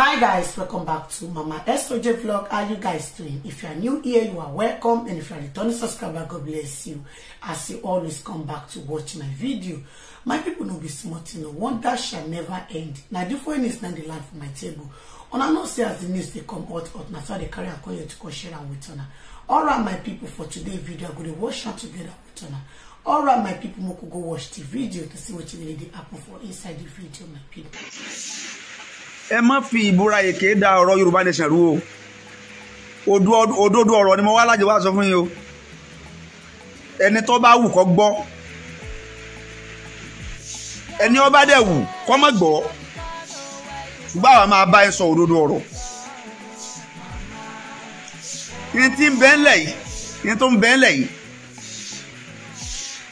hi guys welcome back to mama soj vlog how you guys doing if you are new here you are welcome and if you are returning subscriber god bless you as you always come back to watch my video my people no be small thing no wonder shall never end Now, different is na the land for my table una know say as the news they come out out. Now so i carry am call you to go share and with una all right my people for today's video i go dey watch am together with una all right my people go watch the video to see what you really dey happen for inside the video my people ẹ má fi ìbúra èké da ọ̀rọ̀ Yorùbá nation rú o òdodo ọ̀rọ̀ ni mo wá láti wá sọ fún yín o ẹni tó bá wù kó gbọ́ ẹni ó bá dẹ̀ wù kó má gbọ́ ṣùgbọ́n àwa máa bá ẹ sọ òdodo ọ̀rọ̀ ìyẹn tí ń bẹ ńlẹ̀ yìí ìyẹn tó ń bẹ ńlẹ̀ yìí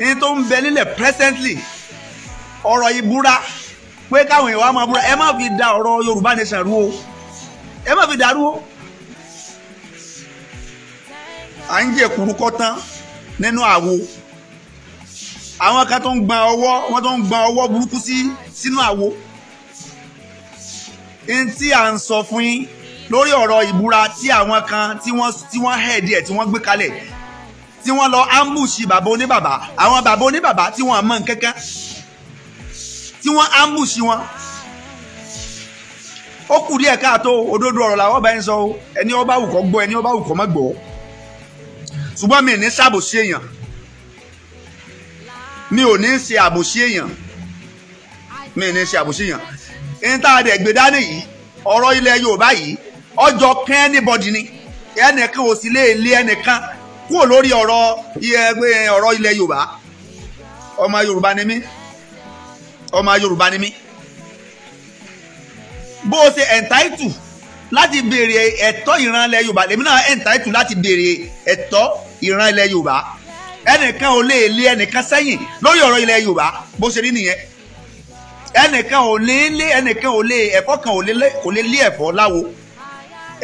ìyẹn tó ń bẹ nílẹ̀ presently ọ̀rọ̀ ìbúra pé káwọn èèyàn wa máa búra ẹ má fi da ọ̀rọ̀ Yorùbá nation rú o ẹ má fi dàrú o à ń jẹ kúrúkọ tán nínú àwo àwọn kan tó ń gba ọwọ́ wọ́n tó ń gba ọwọ́ burúkú sí sínú àwo n tí à ń sọ fún yín lórí ọ̀rọ̀ ìbúra tí àwọn kan tí wọ́n tí wọ́n hẹ̀ẹ́dì ẹ̀ tí wọ́n gbé kalẹ̀ tí wọ́n lọ ambush bàbá oníbàbà àwọn bàbá oníbàbà tí wọ́n mọ̀ nǹkankan tí wọ́n ambush wọn ó kù díẹ̀ káàtó òdodo ọ̀rọ̀ làwọn ọba yẹn sọ o ẹni ọba awùkọ́ gbọ́ ẹni ọba awùkọ́ má gbọ́ ṣùgbọ́n mi ò ní ṣàbòsí èèyàn mi ò ní ṣe àbòsí èèyàn mi ò ní ṣe àbòsí èèyàn intanet ẹgbẹ́dání yìí ọ̀rọ̀ ilẹ̀ Yorùbá yìí ọjọ́ kan anybody ni ẹnìkan ò sì lè lé ẹnìkan kúrò lórí ọ̀rọ̀ ilẹ̀ Yorùbá ọmọ Yorùbá ni mí ọmọ Yorùbá ni mí bó o ṣe ẹ̀ńtáìtù láti béèrè ẹ̀tọ́ ìran ilẹ̀ Yorùbá lèmi náà ẹ̀ńtáìtù láti béèrè ẹ̀tọ́ ìran ilẹ̀ Yorùbá ẹnìkan ò lè lé ẹnìkan sẹ́yìn lórí ọ̀rọ̀ ilẹ̀ Yorùbá bó ṣe rí nìyẹn ẹnìkan ò lè lé ẹnìkan ò lè ẹ̀fọ́ kan ò lè lé ẹ̀fọ́ láwo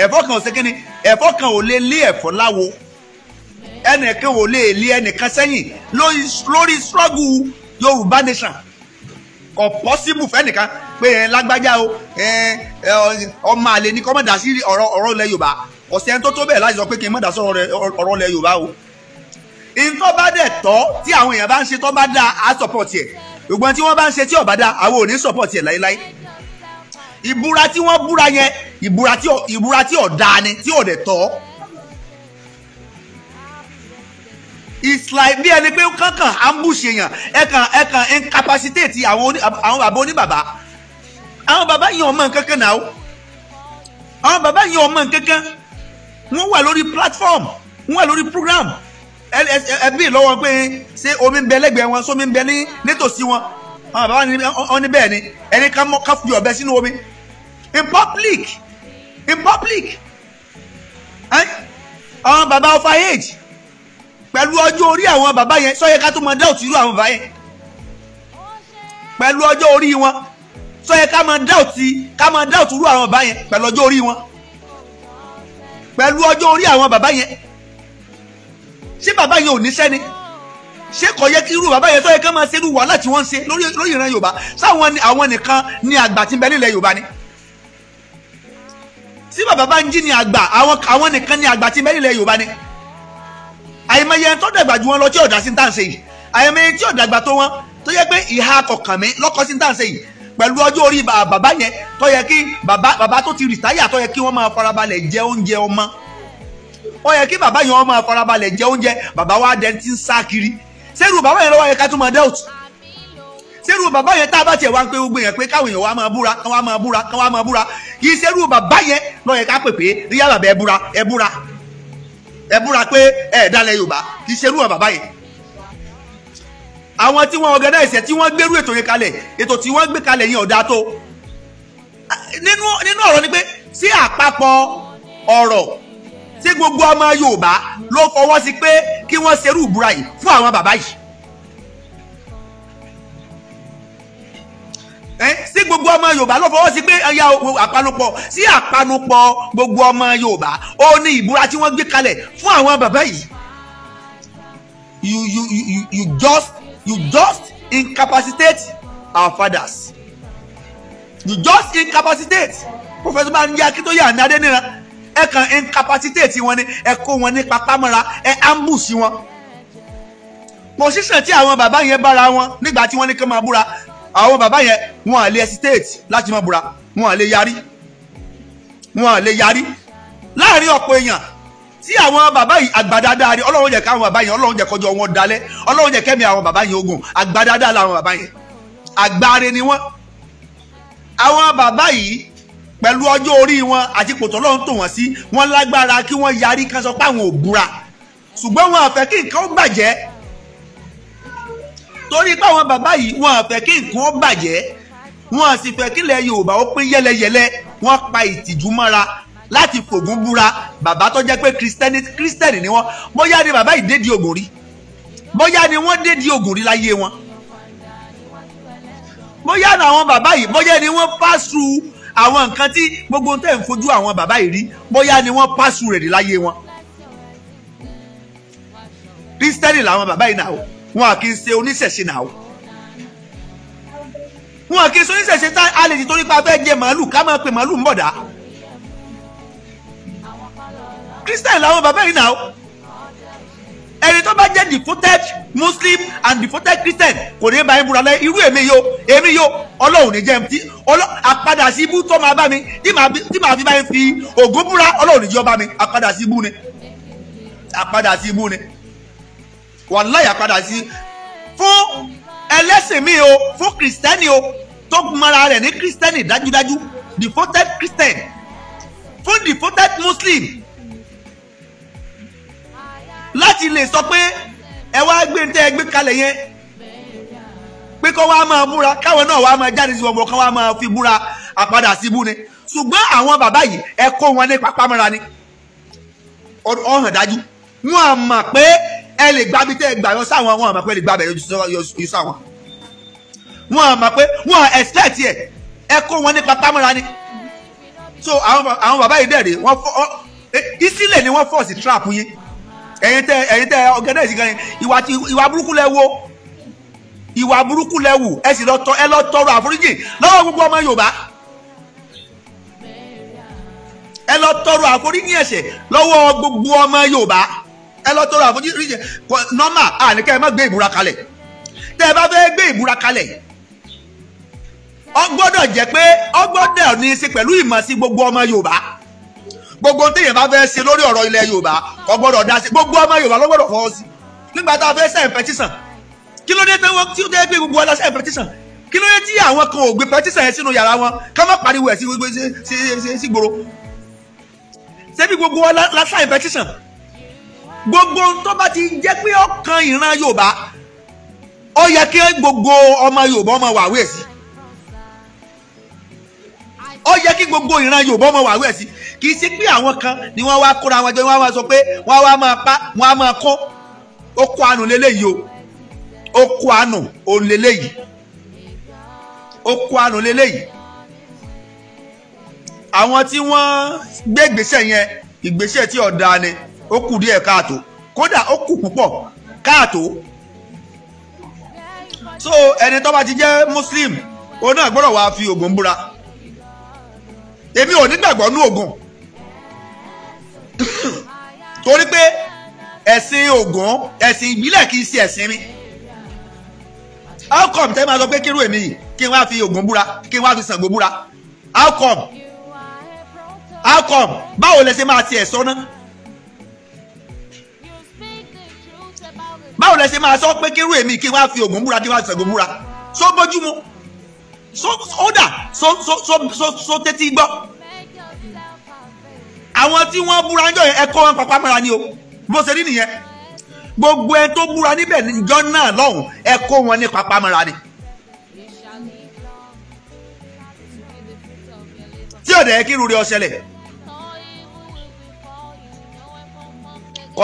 ẹ̀fọ́ kan ò ṣe kíni ẹ̀fọ́ kan ò lè lé ẹ̀fọ́ láwo ẹnìkan ò lè lé ẹnìkan sẹ́yìn lórí struggle Yorùbá nation kò pọ́síbù fẹ́nìkan pé ẹ lágbájá o ọmọ àlè ní kọ́ mọ̀dá sí ọ̀rọ̀ ọ̀rọ̀ ilẹ̀ yorùbá ọ̀sẹ̀ tó tó bẹ́ẹ̀ láti sọ pé kí n mọ̀dá sọ̀rọ̀ ọ̀rọ̀ ilẹ̀ yorùbá o. ìtọ́ bá dẹ̀ tọ́ tí àwọn èèyàn bá ń ṣe tó bá dáa á sọ̀pọ̀tì ẹ̀ ṣùgbọ́n tí wọ́n bá ń ṣe tí ò bá dáa àwọn ò ní sọ̀pọ̀tì ẹ̀ láíláí. ìbúra tí wọ́n búra yẹn ìbúra tí ò dáa ni tí ò dẹ̀ tọ́ it's like bí ẹni pé kankan ambush èèyàn ẹ̀kan ẹ̀kan incapacitate àwọn bàbá oníbàbá àwọn bàbá yìí ọmọ nkankan náà àwọn bàbá yìí ọmọ nkankan wọ́n wà lórí platform wọ́n wà lórí program ẹbí lọ́wọ́ pé ṣé omi ń bẹ lẹ́gbẹ̀ẹ́ wọn sómi ń bẹ ní nítòsí wọn àwọn bàbá wọn ní bẹ́ẹ̀ ni ẹni ká mọ́ ká fi ọ̀bẹ sínú omi in public in public àwọn bàbá of our age pẹ̀lú ọjọ́ orí àwọn bàbá yẹn sọ yẹ ká tó mọ dá òtí irú àwọn bàbá yẹn pẹ̀lú ọjọ́ orí wọn sọ yẹ ká mọ dá òtí ká mọ dá òtí irú àwọn bàbá yẹn pẹ̀lú ọjọ́ orí wọn pẹ̀lú ọjọ́ orí àwọn bàbá yẹn ṣé bàbá yẹn ò níṣẹ́ ni ṣé kò yẹ kí irú bàbá yẹn tó yẹ ká máa ṣe irú wàhálà tí wọ́n ń ṣe lórí ìran Yorùbá sáwọn àwọn nìkan ni àgbà tí ń bẹ nílẹ̀ Yorùbá ni tí bàbá bá ń jí ni àgbà àwọn nìkan ni àgbà tí ń bẹ nílẹ̀ Yorùbá ni àìmọye tó dàgbà ju wọn lọ tí ọ̀dà sí ń tà ń ṣe yìí àìmọye tí ọ̀dàgbà tó wọn tó yẹ pé ìhà kọ̀ọ̀kan mi lọ́kọ́ sí ń tà ń ṣe yìí pẹ̀lú ọjọ́ orí bàbá yẹn tó yẹ kí bàbá tó ti rìtáyà tó yẹ kí wọ́n máa farabalẹ̀ jẹ oúnjẹ ọmọ ó yẹ kí bàbá yẹn wọ́n máa farabalẹ̀ jẹ oúnjẹ bàbá wa dẹ ti ń sá kiri sẹ́rù bàbá yẹn lọ́wọ́ yẹ ká tún máa doubt sẹ́rù bàbá yẹn tá a bá tiẹ̀ wá ń pe gbogbo yẹn pé káwọn èèyàn wá máa búra káwọn máa búra káwọn máa búra kì í sẹ́rù bàbá yẹn lọ́yẹ̀ ká pè pé ríyá bàbá ẹ búra ẹ búra ẹ búra pé ẹ dalẹ̀ yorùbá kì í ṣerú ọ̀ bàbá yìí àwọn tí wọ́n organize tí wọ́n gbérú ètò yẹn kalẹ̀ ètò tí wọ́n gbé kalẹ̀ yẹn ọ̀dà tó nínú nínú ọ̀rọ̀ ni pé sí àpapọ̀ ọ̀rọ̀ sí gbogbo ọmọ yorùbá ló fọwọ́ sí pé kí wọ́n ṣerú ìbúra yìí fún àwọn bàbá yìí sí gbogbo ọmọ yorùbá ló fọwọ́ sí pé ẹ̀yà àpanupọ̀ sí àpanupọ̀ gbogbo ọmọ yorùbá ó ní ìbúra tí wọ́n gbé kalẹ̀ fún àwọn bàbá yìí you you you you just you just incapacitate our fathers you just incapacitate professor banji akintoye and adeniran ẹ kàn incapacitate wọn ni ẹ kó wọn ní papámọ́ra ẹ ambush wọn position tí àwọn bàbá yẹn bára wọn nígbà tí wọ́n ní kí wọ́n máa búra àwọn bàbá yẹn wọn à lè hesitate láti mọ búra wọn à lè yarí wọn à lè yarí láàrin ọ̀pọ̀ èèyàn tí àwọn bàbá yìí àgbàdáadáa rí ọlọ́run jẹ́ káwọn bàbá yẹn ọlọ́run jẹ́ kọjọ wọn dalẹ̀ ọlọ́run jẹ́ kẹ́mi àwọn bàbá yẹn ogun àgbàdáadáa làwọn bàbá yẹn àgbáre ni wọ́n àwọn bàbá yìí pẹ̀lú ọjọ́ orí wọn àti kòtò ọlọ́run tò wọ́n sí wọ́n lágbára kí wọ́n yarí kan sọ pé àwọn ò búra ṣùgbọ́n wọn àfẹ́ kí nǹkan ó bàjẹ́ torí pé àwọn bàbá yìí wọn àfẹ́ kí nǹkan ó bàjẹ́ wọn sì fẹ́ kílẹ̀ yorùbá ó pín yẹ́lẹyẹ̀lẹ wọ́n pa ìtìjú mọ́ra láti fògùn búra bàbá tó jẹ́ pé kírísítẹ́nì ni wọ́n bóyá ni bàbá yìí dédìí ògùn rí bóyá ni wọ́n dédìí ògùn rí láyé wọn bóyá ni àwọn bàbá yìí bóyá ni wọ́n pàṣù àwọn nǹkan tí gbogbo tẹ̀ ń fojú àwọn bàbá yìí rí bóyá ni wọ́n pàṣù rẹ̀ rí láyé wọn kírísítẹ́nì làwọn bàbá yìí náà wọn à kì í ṣe oníṣẹ̀ṣe náà wọn kì í sọ oníṣẹ̀ṣe tá a lè ti torí pa fẹ́ jẹ màálù ká máa pè màálù ń bọ̀dá christian làwọn bàbá yìí náà ẹni tó bá jẹ́ devoted muslim and devoted christian kò ní bá yín búra lẹ́ irú èmi yo èmi yo ọlọ́run ní jẹ́ ti àpadà sí ibú tó máa bá mi tí màá fi bá yín fi ògún búra ọlọ́run ní jẹ́ ọba mi àpadà sí ibú ni àpadà sí ibú ni wàláyà àpadà sí fún ẹlẹ́sìn mi o fún kìrìsìtẹ́nì o tó mara rẹ̀ ní kìrìsìtẹ́nì dájúdájú devoted christian fún devoted muslim láti lè sọ pé ẹ wá gbé tẹ́ ẹ gbé kalẹ̀ yẹn pé kó wá máa búra káwọn náà wá máa jáde sí ọgbọ̀n kan wá máa fi búra àpadà sí bú ni ṣùgbọ́n àwọn bàbá yìí ẹ kó wọn ní pápá mọ́ra ni ọ̀hàn dájú wọn à mà pé ẹ lè gba bí tẹ́ ẹ gbà yọ sáwọn wọn àmọ́ pé lè gba bẹ̀rẹ̀ yọ sáwọn wọn àmọ́ pé wọn expect ẹ ẹ kó wọn nípa támọ́ra ni so àwọn bàbá yìí dẹ̀rẹ̀ wọ́n fọ́ ìsílẹ̀ ni wọ́n force trap yín ẹ̀yin tẹ́ ẹ̀yin tẹ́ ọ̀gẹ́dẹ́ ìsìnkàn yẹn ìwà burúkú lẹ wo ìwà burúkú lẹ wù ẹ sì lọ tọrọ àforíjì lọ́wọ́ gbogbo ọmọ Yorùbá ẹ lọ tọrọ àforíjì ẹ̀ṣẹ̀ lọ́wọ́ gbogbo ọmọ Yorùbá ẹ lọ tọrọ àforíjì jẹ nọ́mà àníkẹ́ ẹ má gbé ìbúra kalẹ̀ tẹ́ ẹ bá fẹ́ gbé ìbúra kalẹ̀ ó gbọ́dọ̀ jẹ́ pé ó gbọ́dọ̀ ní í ṣe pẹ̀lú ìmọ̀ sí gbogbo ọmọ Yorùbá gbogbo téèyàn bá fẹ́ ṣe lórí ọ̀rọ̀ ilẹ̀ Yorùbá kò gbọ́dọ̀ dá sí gbogbo ọmọ Yorùbá ló gbọ́dọ̀ fọwọ́ sí nígbà tá a fẹ́ sẹ́yìn pẹ́tísàn kí ló dé tí wọ́n tí ó dé gbé gbogbo ọlá sẹ́yìn pẹ́tísàn kí ló dé tí àwọn kan ò gbé pẹ́tísàn yẹn sínú yàrá wọn ká má pariwo ẹ̀ sí gbogbo sí gbòòrò ṣé bí gbogbo ọlá sẹ́yìn pẹ́tísàn gbogbo tó bá ti jẹ́ pé ọkàn ìran yorùbá ó yẹ kí gbogbo ọmọ yorùbá ọmọ wàwé sí ó yẹ kí gbogbo ìran yorùbá ọmọ wàwé sí kì í ṣe pé àwọn kan ni wọ́n wá kóra wọn jọ wọ́n wá sọ pé wọ́n wá máa pa wọ́n á máa kó ó kó àánú lélẹ́yìí o ó kó àánú òun lélẹ́yìí ó kó àánú lélẹ́yìí àwọn tí wọ́n gbé ìgbésẹ̀ yẹn ìgbésẹ̀ tí ọ̀dà ni. ó kù díẹ̀ káàtó kódà ó kù púpọ̀ káàtó so ẹni tó bá jẹ́ muslim òun náà gbọ́dọ̀ wá fi ògùn búra èmi ò nígbàgbọ́ nú ògùn torí pé ẹ̀sìn ògùn ẹ̀sìn ìbílẹ̀ kì í ṣe ẹ̀sìn mi how come máa sọ pé èmi fi ògùn búra kí n wá fi búra how come how come báwo ṣe báwo lẹ ṣe máa sọ pé kírú èmi kí wàá fi ògùn múra kí wàá fi múra so bójú mu so ó dà so so so so so tẹ́tí gbọ́ àwọn tí wọ́n búra ń jọ yẹn ẹ̀kọ́ wọn pàpà mọ́ra ni o bó ṣe rí nìyẹn gbogbo ẹ tó búra níbẹ̀ níjọ́ náà lọ́hùn ẹ̀kọ́ wọn ní pàpà mọ́ra ni. tí ò dẹ̀ kí irú rẹ̀ ó ṣẹlẹ̀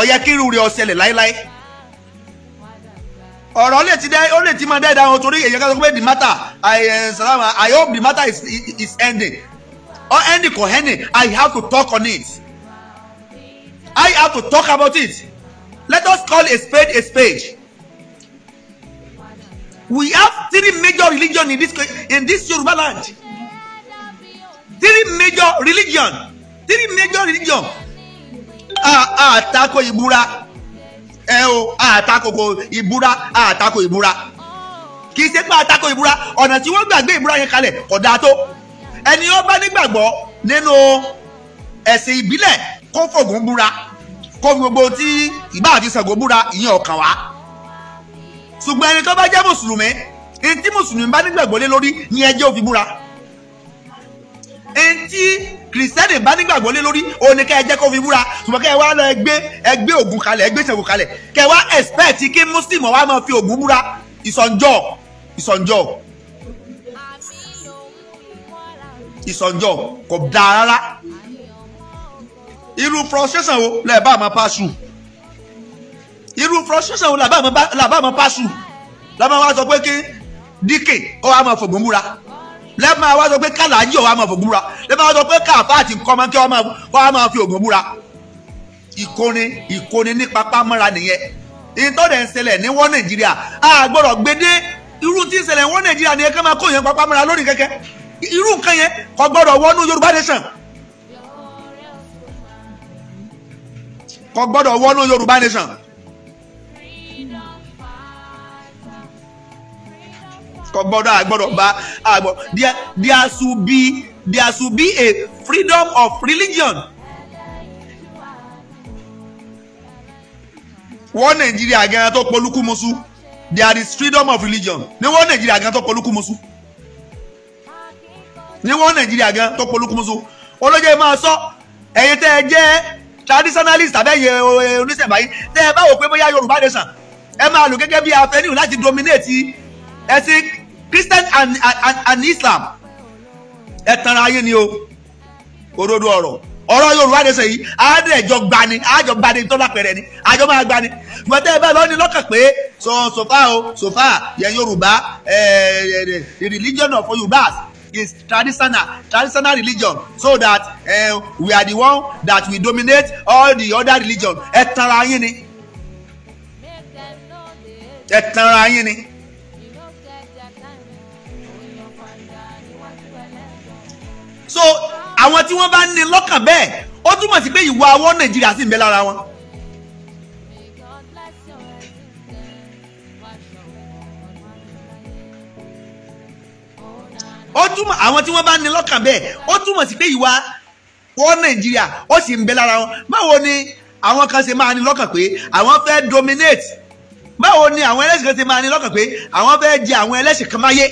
yẹ kí irú rẹ̀ ó láéláé ọ̀rọ̀ lè ti dẹ́ ó lè ti máa dẹ́ ìdáhùn torí èyí kan sọ pé the matter I eh, I hope the matter is is ending or ending kò ending I have to talk on it I have to talk about it let us call a spade a spade we have three major religion in this in this Yoruba land three major religion three major religion ah ah tako ibura ẹ o àtakò ìbúra àtakò ìbúra kì í ṣe pé àtakò ìbúra ọ̀nà tí wọ́n gbàgbé ìbúra yẹn kalẹ̀ kò dáa tó ẹni ó bá nígbàgbọ́ nínú ẹ̀sìn ìbílẹ̀ kó fògùn búra kó gbogbo tí ìbá àti Ṣàngó búra ìyẹn ọ̀kan wá ṣùgbọ́n ẹni tó bá jẹ́ mùsùlùmí ẹni tí mùsùlùmí bá nígbàgbọ́ lé lórí ni ẹjẹ́ òfin búra etí kìrìsìtẹ́nì bá nígbàgbọ́ lé lórí òun ni kẹ́ ẹ jẹ́ kó fi búra ṣùgbọ́n kẹ́ ẹ wá lọ ẹgbẹ́ ẹgbẹ́ ògùn kalẹ̀ ẹgbẹ́ ìṣẹ̀gùn kalẹ̀ kẹ́ ẹ wá expect kí muslim wa máa fi ògùn búra ìsọ̀njọ́ ìsọ̀njọ́ ìsọ̀njọ́ kò dáa rárá irú frustration wo lẹ́ẹ̀ bá máa pass through irú frustration wo làbá máa pass through làbá máa wá sọ pé kí díkè ó wá máa fògùn búra lẹ́ẹ̀ máa wá sọ pé kàlàájì ọ̀wá máa fògùn búra lẹ́ẹ̀ máa sọ pé káàfà àti kọ́mọ kí wọ́n máa fi ògùn búra ìkóni ìkóni nípa pámọ́ra nìyẹn ìtọ́dẹ̀ ń ṣẹlẹ̀ ní wọ́n nàìjíríà a gbọ́dọ̀ gbédé irú tí ń ṣẹlẹ̀ wọ́n nàìjíríà ni ẹ̀ka máa kó yẹn pápá mọ́ra lórí kẹ́kẹ́ irú nǹkan yẹn kò gbọ́dọ̀ wọnú yorùbá nation kò gbọ́dọ̀ wọnú yorùbá nation kò gbọ́dọ̀ àgbọ́dọ̀ bá àgbọ̀ there should be there should be a freedom of religion. wọ́n nàìjíríà gan tó polúkú musu there is freedom of religion ní wọ́n nàìjíríà gan tó polúkú musu ní wọ́n nàìjíríà gan tó polúkú musu olóye máa sọ ẹ̀yin tẹ́ ẹ jẹ́ traditionalist àbẹ́yẹ oníṣẹ̀báyé tẹ́ ẹ bá wò pé bóyá yorùbá nation ẹ máa lò gẹ́gẹ́ bí afẹ́nìyàn láti dominate ẹ̀sìn Christian and, and, and Islam ẹ tanra ayé ni o òdodo ọ̀rọ̀ ọ̀rọ̀ Yorùbá ni sọ yìí àádẹ́jọ gbani àjọ gbani tó bá pẹ̀rẹ̀ ni àjọ máa gbani gbọ́dọ̀ ẹ bá lọ́ọ́ ní lọ́kàn pé so so far o so far yẹn Yorùbá the religion of Yorùbá is traditional traditional religion so that uh, we are the one that we dominate all the other religion ẹ tanra ayé ni ẹ tanra ayé ni. so àwọn tí wọ́n bá ní lọ́kàn bẹ́ẹ̀ ó túmọ̀ sí pé ìwà àwọ̀ nàìjíríà sì ń bẹ lára wọn. ó túmọ̀ àwọn tí wọ́n bá ní lọ́kàn bẹ́ẹ̀ ó túmọ̀ sí pé ìwà wọ nàìjíríà ó sì ń bẹ lára wọn báwo ni àwọn kan ṣe máa ní lọ́kàn pé àwọn fẹ́ dominate báwo ni àwọn ẹlẹ́sìn kan ṣe máa ní lọ́kàn pé àwọn fẹ́ jẹ àwọn ẹlẹ́sìn kan máyé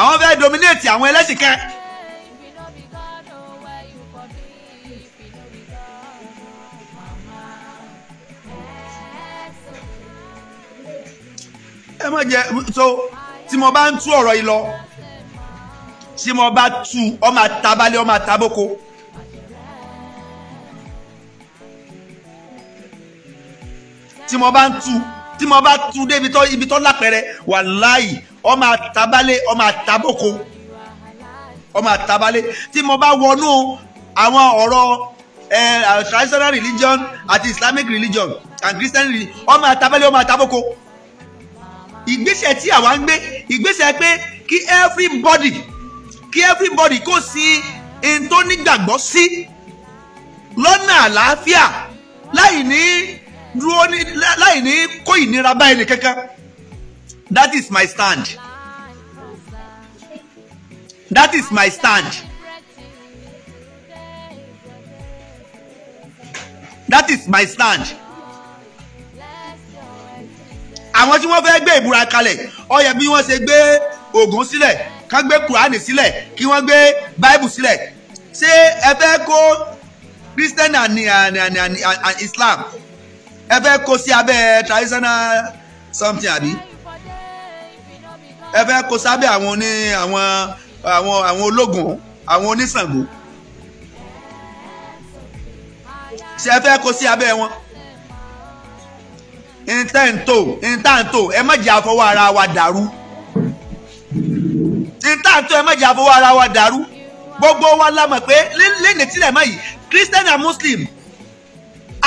àwọn fẹ́ dominate àwọn ẹlẹ́sìn kan. ẹ má jẹ so tí mo bá ń tú ọ̀rọ̀ yìí lọ tí mo bá tú ọmọ àtàbálẹ̀ ọmọ àtàbókò. tí mo bá ń tú tí mo bá tú dé ibi tó lápẹ̀rẹ̀ wàláì ọmọ àtàbálẹ̀ ọmọ àtàbókò ọmọ àtàbálẹ̀ tí mo bá wọnú àwọn ọ̀rọ̀ traditional religion àti Islamic religion and Christian religion ọmọ àtàbálẹ̀ ọmọ àtàbókò ìgbésẹ̀ tí àwa ń gbé ìgbésẹ̀ pé kí everybody kí everybody kó sí in tó nígbàgbọ́ sí lọ́nà àlàáfíà láì ní dúró ní láì ní kó ìnira bá ẹnì kankan that is my stand that is my stand that is my stand àwọn tí wọ́n fẹ́ gbé ìbúra kalẹ̀ ó yẹ bí wọ́n ṣe gbé Ògún sílẹ̀ kán gbé kùránì sílẹ̀ kí wọ́n gbé báìbù sílẹ̀ ṣé ẹ fẹ́ kó Christian and, and, and, and, and Islam ẹ fẹ́ kó sí abẹ́ traditional something àbí ẹ fẹ́ kó sábẹ́ àwọn oní àwọn àwọn àwọn ológun àwọn oníṣàngó ṣé ẹ fẹ́ kó sí abẹ́ wọn intanto intanto ẹ má jẹ́ àfọwọ́ ara wa dàrú intanto ẹ má jẹ́ àfọwọ́ ara wa dàrú gbogbo wa la mọ̀ pé lẹ́nu tílẹ̀ mọ́ yìí christian and muslim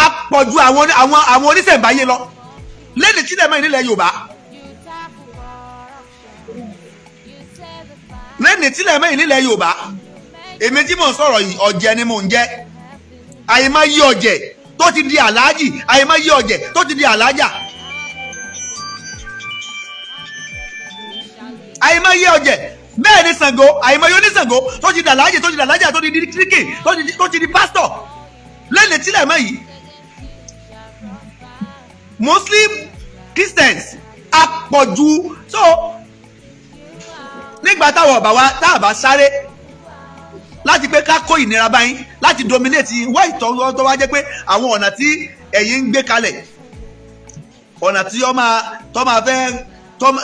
apọ̀jù àwọn àwọn àwọn oníṣẹ̀ǹbáyé lọ lẹ́nu tílẹ̀ mọ́ yìí nílẹ̀ yorùbá lẹ́nu tílẹ̀ mọ́ yìí nílẹ̀ yorùbá èmi tí mò ń sọ̀rọ̀ yìí ọ̀jẹ̀ ni mò ń jẹ́ àyè má yí ọ̀jẹ̀ tó ti di aláàjì àìmọye ọ̀jẹ̀ tó ti di aláàjà àìmọye ọ̀jẹ̀ bẹ́ẹ̀ ni Ṣàngó àìmọye oníṣàngó tó ti di aláàjì tó ti di aláàjà tó ti di kíríkì tó ti di pásítọ̀ lẹ́nu tílẹ̀ mọ́ yìí Muslim Christians àpọ̀jù so nígbà táwọn ọ̀bà wa tá a sáré láti pé ká kó ìnira báyìí láti dominate wá ìtọ́wọ́ tó wá jẹ́ pé àwọn ọ̀nà tí ẹ̀yin ń gbé kalẹ̀ ọ̀nà tí ó máa tó máa fẹ́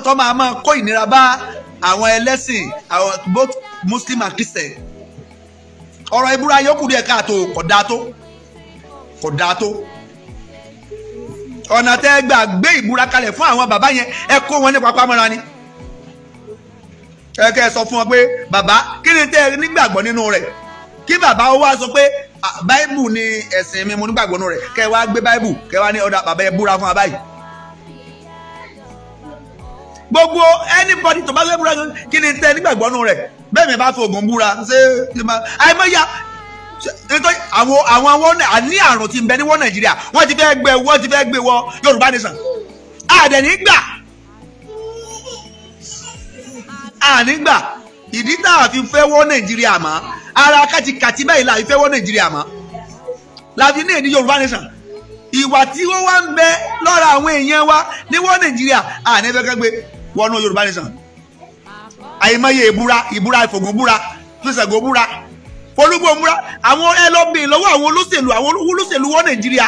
tó máa máa kó ìnira bá àwọn ẹlẹ́sìn àwọn both muslim and christian ọ̀rọ̀ ìbúra yòókù díẹ̀ káàtó kò dáa tó kò dáa tó ọ̀nà tẹ́ gbà gbé ìbúra kalẹ̀ fún àwọn bàbá yẹn ẹ kó wọn ní papá mọ́ra ni ẹ kẹ́ ẹ sọ fún wọn pé bàbá kí ni tẹ́ ẹ nígbàgbọ́ nínú rẹ̀ kí bàbá ó wá sọ pé báìbù ni ẹ̀sìn mi mo nígbàgbọ́ nínú rẹ̀ kẹ́ ẹ wá gbé báìbù kẹ́ wá ní ọ̀dà bàbá ẹ búra fún wa báyìí. gbogbo anybody tó bá fẹ́ búra kí ni tẹ́ ẹ nígbàgbọ́ nínú rẹ̀ bẹ́ẹ̀ mi bá fi oògùn búra ṣé àìmọ́yà nítorí àwọn àwọn àwọn àní àrùn ti ń bẹ ní wọ́n Nàìjíríà wọ́n ti fẹ́ gbé wọ́n ti fẹ́ gbé wọ Yorùbá nation àdẹ̀nígbà ànígbà ìdí tá a fi fẹ́ wọ́ nàìjíríà mọ́ ara kàtìkàtì báyìí la fi fẹ́ wọ́ nàìjíríà mọ́ la fi ní èdè yorùbá nation ìwà tí ó wá ń bẹ lọ́ra àwọn èèyàn wa ní wọ́ nàìjíríà àní fẹ́ kẹ́gbẹ́ wọnú yorùbá nation àyèmáyé ìbúra ìbúra ìfògùnbúra fíṣẹ̀gùnbúra olúgbòmúra àwọn ẹlọ́bìn lọ́wọ́ àwọn olóṣèlú àwọn olóṣèlú wọ́ nàìjíríà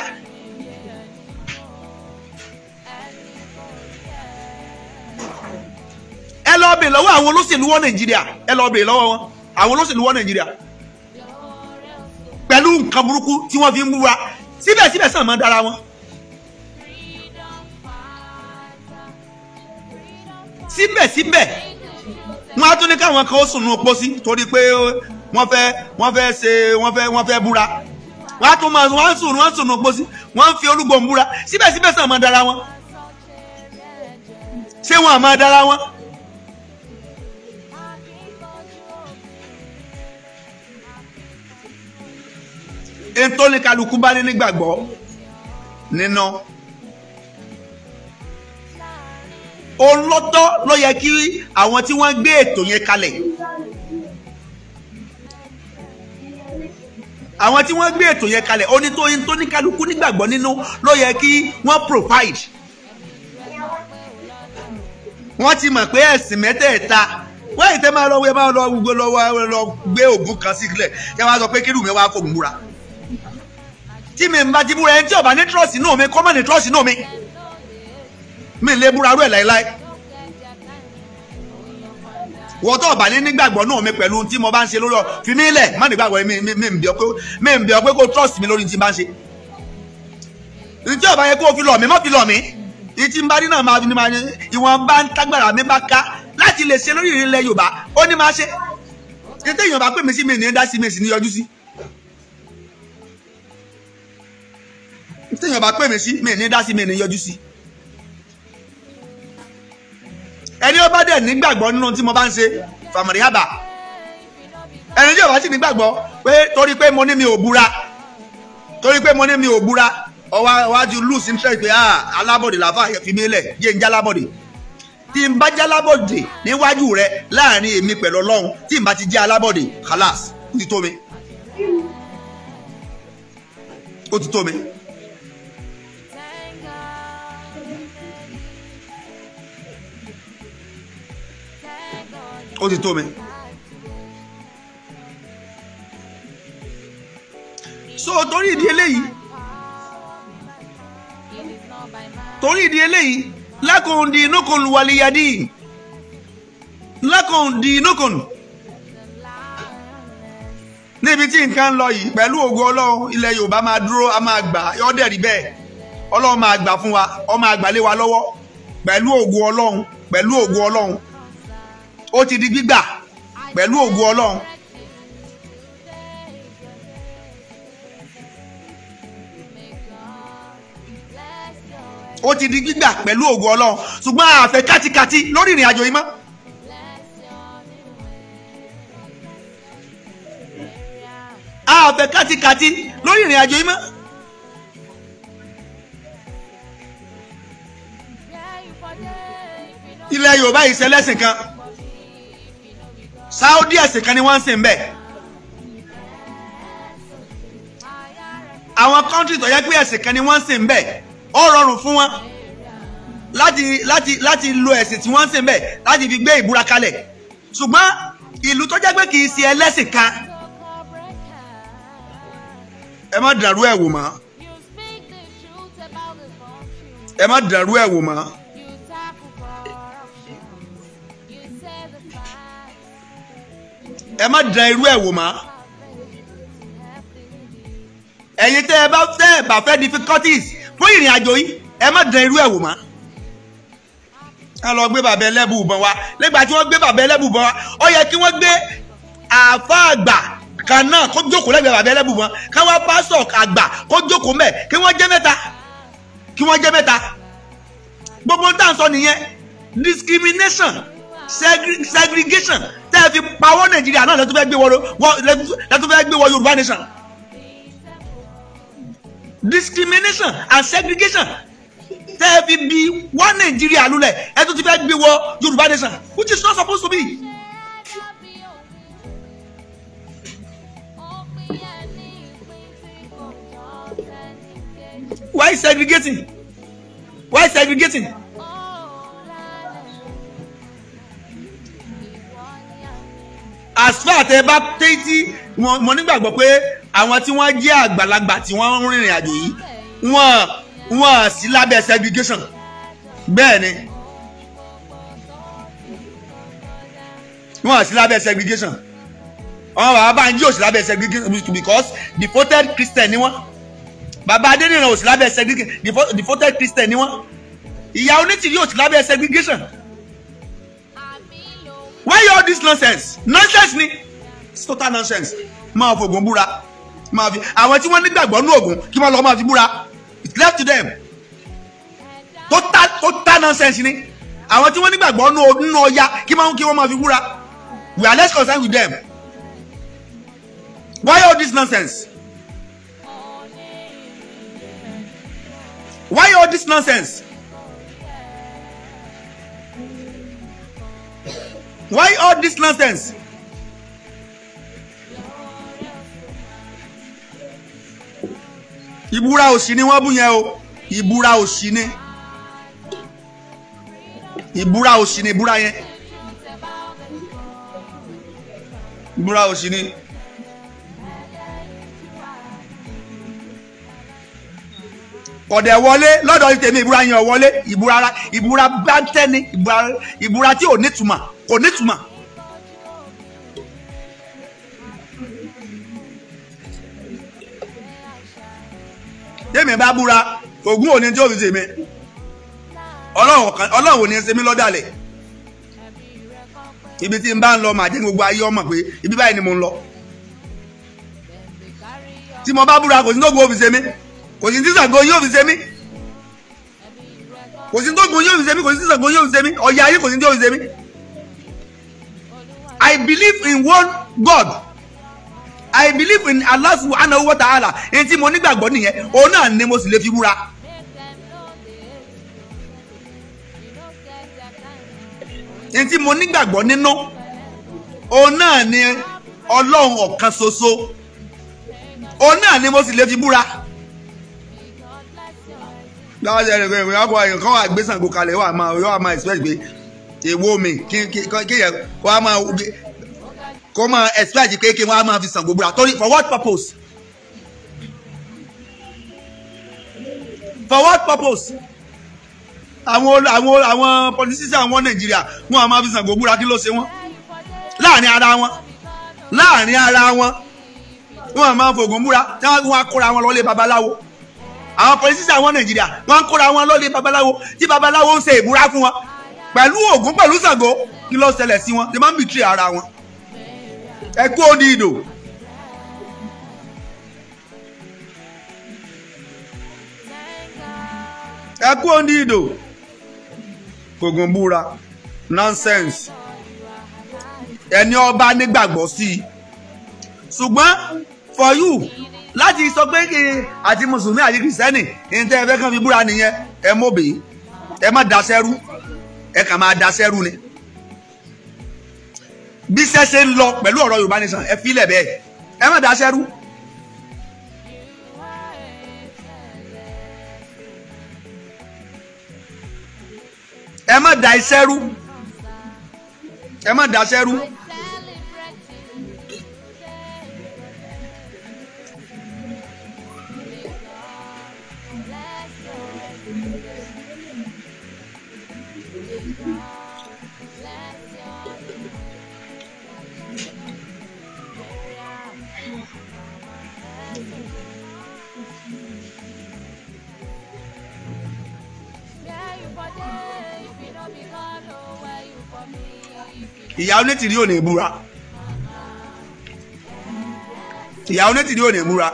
bèèrè lọ́wọ́ àwọn olóṣèlú wọ nàìjíríà ẹ lọ bèèrè lọ́wọ́ wọn àwọn olóṣèlú wọ nàìjíríà pẹ̀lú nǹkan burúkú tí wọ́n fi ń búra síbẹ̀síbẹ̀ sàn máa dára wọn. síbẹ̀síbẹ̀ wọ́n á tún ní káwọn kan ó sùn nù pósí torí pé wọ́n fẹ́ wọ́n fẹ́ ṣe wọ́n fẹ́ wọ́n fẹ́ búra wọ́n á tún máa wọ́n á sùn wọ́n á sùn nù pósí wọ́n fi olúgbọ̀n búra síbẹ̀síbẹ̀ sàn máa dára wọn. ṣé wọn à dára wọn. ètò ní kálukú bá ní nígbàgbọ́ nínú olótọ́ ló yẹ kí àwọn tí wọ́n gbé ètò yẹn kalẹ̀ àwọn tí wọ́n gbé ètò yẹn kalẹ̀ onítóyí tó ní kálukú nígbàgbọ́ nínú ló yẹ kí wọ́n provide wọ́n ti mọ̀ pé ẹ̀sìn mẹ́tẹ̀ẹ̀ta wọ́n yìí tẹ́ máa lọ wẹ́ máa lọ gbé ògùn kan sílẹ̀ kí wọ́n á sọ pé kírù mi wá fòun múra tí mi ń bá ti búra ẹni tí ọba ní trọ́ọ̀sì náà mi kọ́mọ̀ ní trọ́ọ̀sì náà mi mi lè búra rú ẹ̀ láéláé wọ́n tó ọba ní nígbàgbọ́ náà mi pẹ̀lú tí mo bá ń ṣe lórí ọ fi mí lẹ̀ má nígbàgbọ́ mi mi ń bí ọ pé mi ń bí ọ pé kó trọ́ọ̀sì mi lórí tí n bá ń ṣe ìtí ọba yẹ kó fi lọ̀ mí má fi lọ̀ mí ìtí ń bá rí náà máa ní máa ní ìwọ̀n bá ń tágbára mi bá ká láti lè ṣe lórí ilẹ̀ Yorùbá ó ní máa ṣe ìtẹ̀yìn ọba pè mí sí mi ní dá sí mi sí ní yọjú sí. téèyàn bá pè mí sí mi ní dá sí mi ní yọjú sí. ẹni ó bá dẹ̀ nígbàgbọ́ nínú tí mo bá ń ṣe fàmìlì àbà ẹni tí ò sì nígbàgbọ́ pé torí pé mo ní mi ò búra torí pé mo ní mi ò búra ọwọ́ iwájú lose interest pé ah, alábọ̀dé làfà fi mí lẹ̀ yé ń já lábọ̀dé tí n bá jẹ́ alábọ̀dé níwájú rẹ láàrin èmi pẹ̀lú ọlọ́run tí n bá ti jẹ́ alábọ̀dé khalas ó ti tó mi ó ti tó mi. ó ti tó mi. so torí ìdí eléyìí torí ìdí eléyìí lákòun di inúkun wàlíyàdí lákòun di inúkun níbi tí nǹkan ń lọ yìí pẹ̀lú ògo ọlọ́run ilẹ̀ yorùbá máa dúró a máa gbà ọdẹ rí bẹ́ẹ̀ ọlọ́run máa gbà fún wa ọ máa gbà lé wa lọ́wọ́ pẹ̀lú ògo ọlọ́run pẹ̀lú ògo ọlọ́run ó ti di gbígbà pẹ̀lú ògo ọlọ́run. ó ti di gbígbà pẹ̀lú ògo ọlọ́run ṣùgbọ́n àfẹ́ kátikati lórí ìrìn àjò yìí mọ́. àfẹ́ kátikati lórí ìrìn àjò yìí mọ́. ilẹ̀ yorùbá yìí ṣẹlẹ́sìn kan. Saudi ẹ̀sìn kan ni wọ́n ń sìn bẹ́ẹ̀. àwọn kọ́ńtì tó yẹ pé ẹ̀sìn kan ni wọ́n ń sìn bẹ́ẹ̀ ó rọrùn fún wọn láti láti láti lo ẹ̀sìn tí wọ́n ń sìn bẹ́ẹ̀ láti fi gbé ìbúra kalẹ̀ ṣùgbọ́n ìlú tó jẹ́ pé kì í ṣe ẹlẹ́sìn kan ẹ má dàrú ẹ̀ wò mọ́ ẹ má dàrú ẹ̀ wò mọ́. ẹ má dán irú ẹ̀ wò má. ẹ̀yin tẹ́ ẹ bá tẹ́ ẹ bá fẹ́ difficulties fún ìrìn àjò yìí ẹ má dán irú ẹ̀ wò má. ká lọ gbé bàbá ẹlẹ́bù bọ̀ wá lẹ́gbàá tí wọ́n gbé bàbá ẹlẹ́bù bọ̀ wá ó yẹ kí wọ́n gbé àáfàá àgbà kan náà kó jókòó lẹ́gbẹ̀ẹ́ bàbá ẹlẹ́bù wọn káwọn pásọ̀ àgbà kó jókòó mẹ́ kí wọ́n jẹ́ mẹ́ta kí wọ́n jẹ́ mẹ́ta gbogbo ń tà sọ nìyẹn discrimination segregation tẹ́ ẹ fi pawọ́ nàìjíríà náà lẹ́tọ́ fẹ́ gbé wọ lẹ́tọ́ fẹ́ gbé wọ yorùbá nation discrimination and segregation tẹ́ ẹ fi bi wọ́n nàìjíríà lulẹ̀ ẹ tún ti fẹ́ gbé wọ yorùbá nation which is not supposed to be. why segregating why segregating. as far as ẹ bá tẹ́tí mo nígbàgbọ́ pé àwọn tí wọ́n jẹ́ àgbàlagbà tí wọ́n ń rìnrìn àjò yìí wọ́n wọ́n sí lábẹ́ segregation bẹ́ẹ̀ ni wọ́n sí lábẹ́ segregation àwọn bàbá Bánjí ò sí lábẹ́ segregation because defaulted Christian ni wọ́n bàbá Adéníran ò sí lábẹ́ segregation defaulted Christian ni wọ́n ìyá Onítìrí ò sí lábẹ́ segregation why all this nonsense nonsense ni it's total nonsense máa fògùn búra máa fi àwọn tí wọ́n nígbàgbọ́ ní ògùn kí wọ́n lọ máa fi búra it's left to them total total nonsense ni àwọn tí wọ́n nígbàgbọ́ nínú ọya kí wọ́n kí wọ́n máa fi búra we are less concerned with them why all this nonsense why all this nonsense. Why all this nonsense? ìbúra òsì ni wọ́n bú yẹn o ìbúra òsì ni ìbúra òsì ni ìbúra yẹn ìbúra òsì ni. ọ̀dẹ̀ wọlé lọ́dọ̀ tèmi ìbúra yẹn ò wọlé ìbúra ìbúra bá ń tẹ́ni ìbúra tí ò nítumọ̀ kò nítumọ̀. tèmi bá búra ògún òní tí ó fi tèmi ọlọ́run òní ṣe mí lọ́dàlẹ̀ ibi tí n bá ń lọ màá jẹ́ gbogbo ayé ọmọ pé ibi báyìí ni mo ń lọ tí mo bá búra kò sí tó gun òfìsè mi kò sí tíṣàgó yóò fi ṣe mí kò sí tó gun yóò fi ṣe mí kò sí tíṣàgó yóò fi ṣe mí ọ̀yà ayé kò sí tó fi ṣe mí. I believe in one God I believe in Allah subhanahu wa ta'ala ẹni tí mo nígbàgbọ́ nìyẹn òun náà ni mo sì lè fi búra. ẹni tí mo nígbàgbọ́ nínú òun náà ni ọlọ́run ọ̀kan ṣoṣo òun náà ni mo sì lè fi búra. láwọn ṣe ẹni kan wà gbé kalẹ̀ wà máa yọ àmà ìṣúwẹ̀sì pé èwo mi kéèyàn kó a máa kó máa expect pé kí wọ́n á máa fi san gbogbo ra torí for what purpose for what purpose àwọn àwọn àwọn politicians àwọn Nàìjíríà wọn a máa fi san gbogbo ra kí ló ṣe wọn láàrin ara wọn láàrin ara wọn wọn a máa fògùn búra tí wọn á kóra wọn lọlé babaláwo àwọn politicians àwọn Nàìjíríà wọn á kóra wọn lọlé babaláwo tí babaláwo ń ṣe ìbúra fún wọn pẹ̀lú Ògún pẹ̀lú Ṣàngó kí ló ṣẹlẹ̀ sí wọn ṣe máa ń bìtìrì ara wọn ẹ kú ó ní ìdò. ẹ kú ó ní ìdò kògùn búra nonsense ẹni ọba nígbàgbọ́ sí i ṣùgbọ́n for you láti sọ pé kí àti mùsùlùmí àti kìrìsìtẹ́nì ní tẹ́ ẹ fẹ́ kàn fi búra nìyẹn ẹ mọ̀ bèé ẹ má daṣẹ́rú ẹ kàn máa da sẹ́rù ni bí sẹ́sẹ́ ń lọ pẹ̀lú ọ̀rọ̀ Yorùbá nìsan ẹ filẹ̀ bẹ́ẹ̀ ẹ má da sẹ́rù. ẹ má da iṣẹ́ rú ẹ má da iṣẹ́ rú. ìyá onítìrí ò ní búra ìyá onítìrí ò ní búra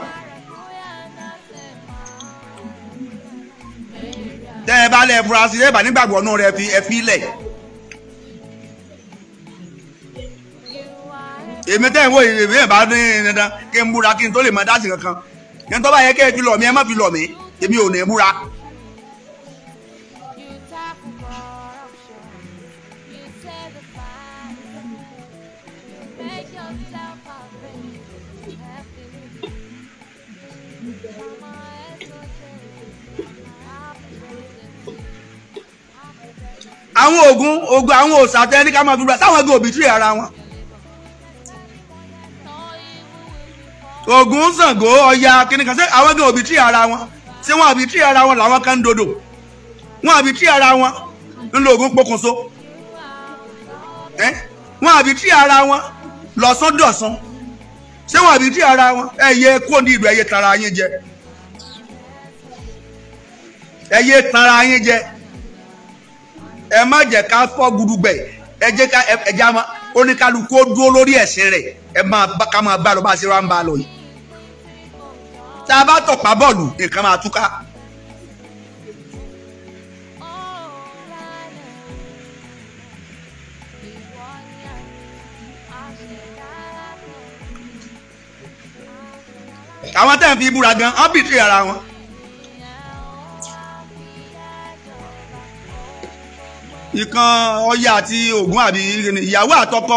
tẹ́ ẹ bá lẹ́ fura sí ẹ bá nígbàgbọ́ náà rẹ fi ẹ fi lẹ̀ èmi tẹ́ ẹ wo èmi ẹ̀ bá ní dandan kí n búra kí n tó lè mọ dá sí kankan kí n tó bá yẹ kí ẹ fi lọ̀ mí ẹ má fi lọ̀ mí èmi ò ní búra. ogun àwọn òòsà tẹ ní ká máa fi gbà táwọn ẹgbẹ́ òbí tìrì ara wọn. Ògún Ṣàngó Ọya kìnìkan ṣé àwọn ẹgbẹ́ òbí tìrì ara wọn ṣé wọn àbí tìrì ara wọn làwọn kan ń dodo wọn àbí tìrì ara wọn ńlọ Ògún pokùnso wọn àbí tìrì ara wọn lọ́sán dọ̀sán ṣé wọn àbí tìrì ara wọn ẹ̀yẹ kó ní ìlú ẹ̀yẹ tara yín jẹ ẹ̀yẹ tara yín jẹ ẹ má jẹ́ ká fọ́ gudugbẹ̀ ẹ jẹ́ ká ẹ jẹ́ àmọ́ oníkálukú ó dúró lórí ẹ̀sìn rẹ̀ ẹ máa ká máa bá lọ bá ṣe rán bá lọ yìí. tá a bá tọ̀pá bọ́ọ̀lù nǹkan máa túká. àwọn tẹ̀ ń fi búra gan-an ọ́n ara wọn. ìkan ọya àti ògùn àbí ìyàwó àtọkọ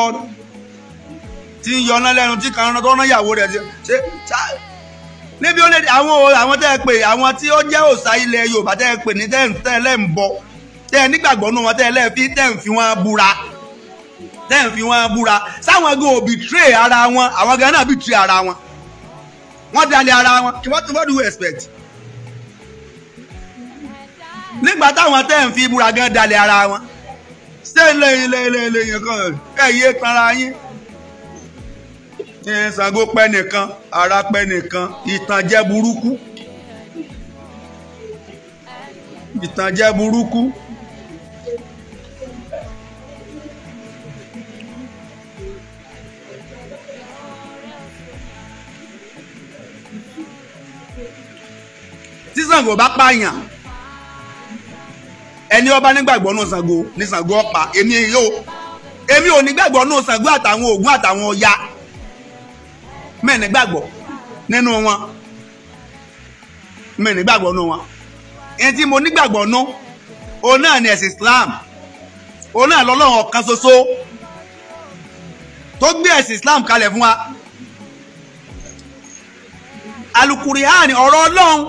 tí ń yọná lẹ́nu tí kan rán tó rán ìyàwó rẹ̀ ṣe níbi ó lè àwọn àwọn tẹ́ ẹ pè àwọn tí ó jẹ́ òòṣà ilẹ̀ Yorùbá tẹ́ ẹ pè ní tẹ́ ẹ lẹ́ ń bọ tẹ́ ẹ nígbàgbọ́ nù wọn tẹ́ ẹ lẹ́ fi tẹ́ ẹ fi wọn búra tẹ́ ẹ fi wọn búra sáwọn gan ò bìtírè ara wọn àwọn gan náà bìtírè ara wọn wọ́n dalẹ̀ ara wọn what do you expect? nígbà táwọn tẹ́ ń fi búra gan dalẹ̀ ara wọn ṣé lẹ́yìn lẹ́yìn lẹ́yìn kan ẹ̀ yé tanra yín Ṣàngó pẹ́ nìkan ara pẹ́ nìkan ìtànjẹ burúkú ìtànjẹ burúkú. tí Ṣàngó bá pààyàn ẹni ọba nígbàgbọ́ nù Ṣàngó ní Ṣàngó ọ̀pá èmi yóò èmi ò nígbàgbọ́ nù Ṣàngó àtàwọn Ògún àtàwọn Ọya mẹ́ẹ̀ni gbàgbọ́ nínú wọn mẹ́ẹ̀ni gbàgbọ́ nínú wọn ẹni tí mo nígbàgbọ́ nù òun náà ni ẹ̀sìn Islam òun náà lọ́lọ́run ọ̀kan ṣoṣo tó gbé ẹ̀sìn Islam kalẹ̀ fún wa alukuri hàn ọ̀rọ̀ Ọlọ́run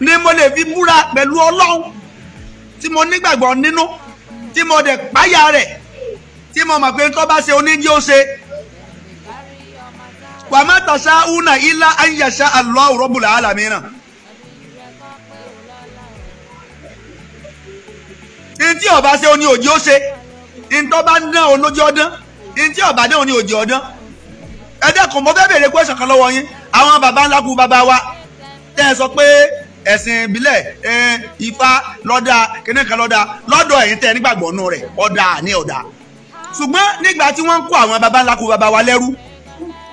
ni mo lè fi múra pẹ̀lú ọlọ́run tí mo nígbàgbọ́ nínú tí mo dẹ̀ páyà rẹ̀ tí mo mọ̀ pé ń tọ́ bá ṣe oníjì ó ṣe wà má tàṣà una ilá anyàṣà Allah rabbul alamin. ntí ọba ṣe oní òjì ó ṣe ntọ́ bá dán olójú ọdán ntí ọba dán oní òjì ọdán ẹ dẹ́kun mo fẹ́ béèrè question kan lọ́wọ́ yín àwọn baba ńlá kú baba wa tẹ́ ẹ sọ pé ẹ̀sìn ìbílẹ̀ ifá lọ́dà kínníkan lọ́dà lọ́dọ̀ ẹ̀yin tẹ́ nígbàgbọ́ nù rẹ̀ ọ̀dà ní ọ̀dà ṣùgbọ́n nígbà tí wọ́n ń kó àwọn baba ńlá kú baba wa lẹ́rú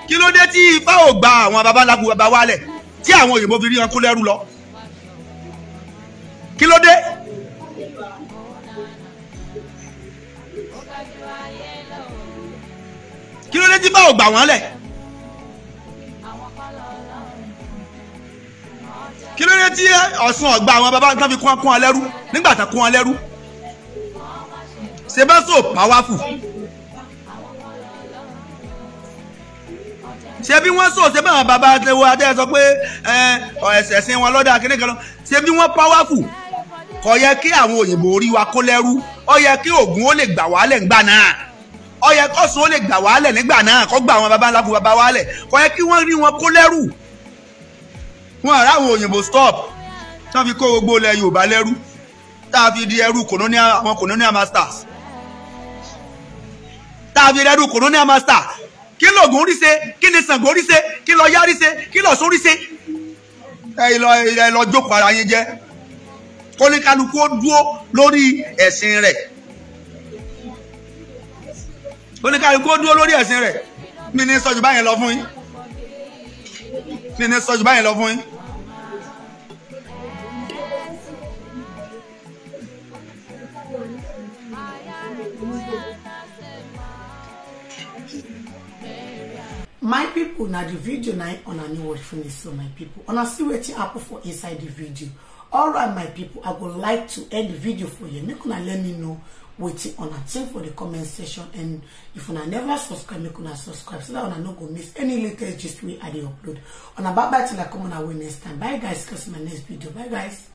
kí ló dé tí ifá ò gba àwọn baba ńlá kú baba wa lẹ̀ tí àwọn òyìnbó fi rí wọn kú lẹ́rú lọ kí ló dé kí ló dé tí ifá ò gbà wọ́n lẹ̀ kí ló dé tí Ọ̀ṣun ọ̀gbà àwọn baba tán fi kún akún alẹ́rú nígbà tán kún alẹ́rú ṣe bá so powerful ṣe bí wọ́n so ṣe bá àwọn baba tẹ̀wọ́ adé sọ pé ẹ̀sìn wọn lọ́dọ̀ akíní kan lọ ṣe bí wọ́n powerful kò yẹ kí àwọn òyìnbó orí wa kó lẹ́rú ó yẹ kí Ògún ó lè gbà wálẹ̀ ńgbà náà ó yẹ k'Ọ̀ṣun ó lè gbà wálẹ̀ nígbà náà kó gbà àwọn baba ńlá fún baba wálẹ̀ kò yẹ kí wọ́n rí wọn kó lẹ́rú wọn àrà àwọn òyìnbó stop tí wọ́n fi kó gbogbo ilẹ̀ Yorùbá lẹ́rú tá a fi di ẹrú àwọn colonial masters tá a fi di ẹrú colonial master kí lóògùn rí ṣe kí ni Ṣàngó rí ṣe kí lọ yá rí ṣe kí lọ sún rí ṣe ẹ lọ ẹ lọ jókòó ara yín jẹ kóníkálukú ó dúró lórí ẹ̀sìn rẹ̀ kóníkálukú ó dúró lórí ẹ̀sìn rẹ̀ mi ní sọ́jú báyẹn lọ fún yín mi ní sọ́jú báyìí lọ fún yín. my people, na the video na una new watch finish so my people, una see wetin happen for inside the video All right, my people, i go like to end the video for you. make una let me know Waiting on una think for the comment section and if una never subscribe make una subscribe so that una no go miss any latest gist wey i dey upload una bye bye till i come una way next time bye guys catch my next video bye guys